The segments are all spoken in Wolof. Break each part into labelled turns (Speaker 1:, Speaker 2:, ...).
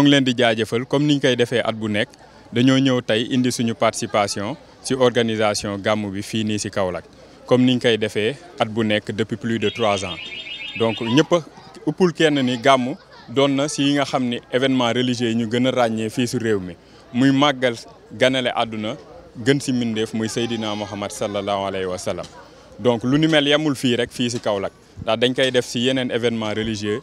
Speaker 1: ñoo ngi leen di jaajëfal comme niñ koy defee at bu nekk dañoo ñëw tey indi suñu participation ci organisation gàmmu bi fii nii ci Kaolack comme niñ koy defee at bu nekk depuis plus de trois ans donc ñëpp uppul kenn ni gàmmu doon na ci yi nga xam ni événement religieux ñu gën a ràññee fii ci réew mi muy màggal ganale àdduna gën ci mbindeef muy Seydina Muhammad sallallahu alayhi wa sallam donc lu ni mel yemul fii rek fii ci Kaolack ndax dañ koy def ci yeneen événement religieux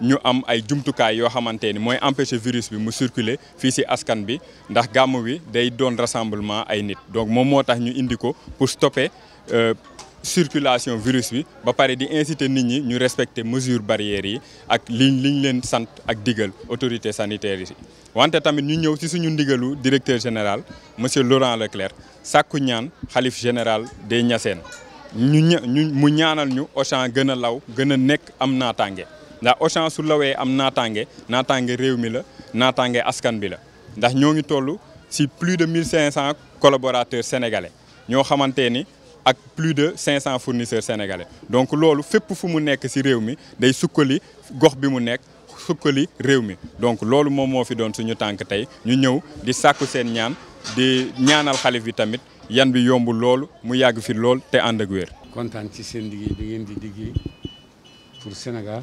Speaker 1: ñu am ay jumtukaay yoo xamante ni mooy empêcher virus bi mu circuler fii ci askan bi ndax gàmmu wi day doon rassemblement ay nit donc moom moo tax ñu indi ko pour stopper euh, circulation virus bi ba pare di insité nit ñi ñu respecter mesures barrières yi ak liñ liñ leen sant ak digal autorité sanitaires yi wante tamit ñu ñëw si suñu ndigalu directeur général monsieur Laurent Leclerc sàkku ñaan xalif général des Niassène ñu ñu mu ñaanal ñu Auchan gën a law gën a nekk am naataange Nous avons am naataange Natangé, réew la askan bi la ndax ñoo plus de 1500 collaborateurs sénégalais Nous avons plus de 500 fournisseurs sénégalais donc ce qui est mu nekk si avons mi day sukkali gox bi mu nekk donc loolu nous, fi doon suñu des sacs ñu ñëw di seen des di ñaanal vitamines. bi tamit yan bi yombu loolu mu fi te
Speaker 2: pour Sénégal.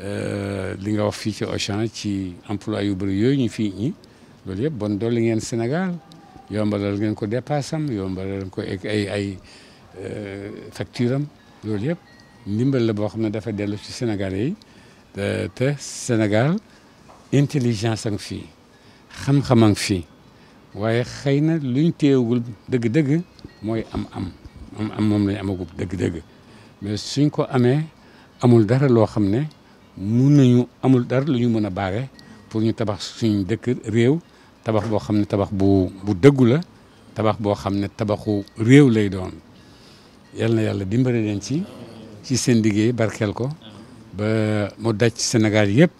Speaker 2: Euh, li nga wax fii ci Auchan ci emploi yu bëri yooyu ñu fii ñi loolu yëpp bon dolli ngeen Sénégal yombalal ngeen ko dépassam yombalal ngeen ko ay ay euh, facture am loolu yëpp ndimbal la boo xam ne dafa dellu ci Sénégalais yi te Sénégal intelligence a fii xam-xam a fii waaye xëy na luñ téewagul dëgg-dëgg mooy am-am am moom lañ amagul dëgg-dëgg mais suñ ko amee amul dara loo xam ne. mun nañu amul dar lu ñu mën a baare pour ñu tabax suñu dëkk réew tabax boo xam ne tabax bu bu dëggu la tabax boo xam ne tabaxu réew lay doon yal na yàlla dimbale leen ci ci seen liggéey barkeel ko ba mu daj Sénégal yëpp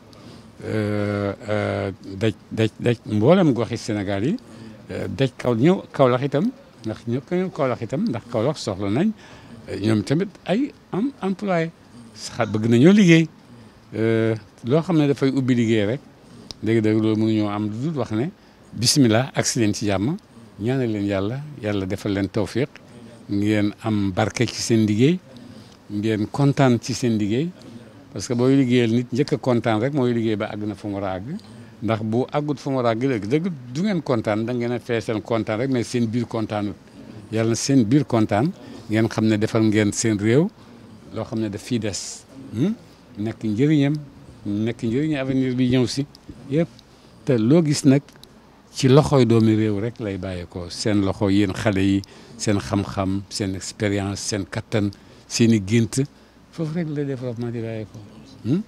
Speaker 2: euh, euh, daj daj daj mboolem goxi Sénégal yi euh, daj kaw ñëw Kaolack itam ndax ñëw ñëw itam ndax Kaolack soxla nañ ñoom tamit ay am employé sax bëgg nañoo liggéey. Euh, loo xam ne dafay ubbi liggéey rek dëgg-dëgg loolu mënuñoo am lu dul wax ne bisimilah agsi leen ci jàmm ñaanal leen yàlla yàlla defal leen tawfiq ngeen am barke ci seen liggéey ngeen kontaan ci seen liggéey parce que booy liggéeyal nit njëkk kontaan rek mooy liggéey ba àgg na fu mu war a àgg ndax bu àggut fu mu war a àgg du ngeen kontaan da ngeen a feesal kontaan rek mais seen biir kontaanut yàlla seen biir kontaan ngeen xam ne defal ngeen seen réew loo xam ne daf fiy des. Hmm? nekk njëriñam nekk njëriñu avenir bi ñëw si yépp te loo gis nag ci loxoy doomi réew rek lay bàyyeekoo seen loxo yéen xale yi seen xam-xam seen expérience seen kattan seen i gént foofu rek la développement di bàyyeekoo hmm?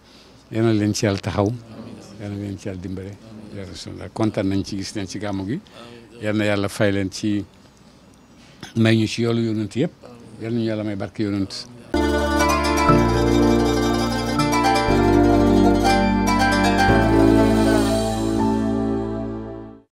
Speaker 2: yal na leen ci yàlla taxaw yal leen ci yàlla dimbale ya rasulullah kontaan nañ ci gis leen ci gàmmu gi yàlla fay leen ci may ñu ci yoolu yonent yëpp yàlla may barke yonent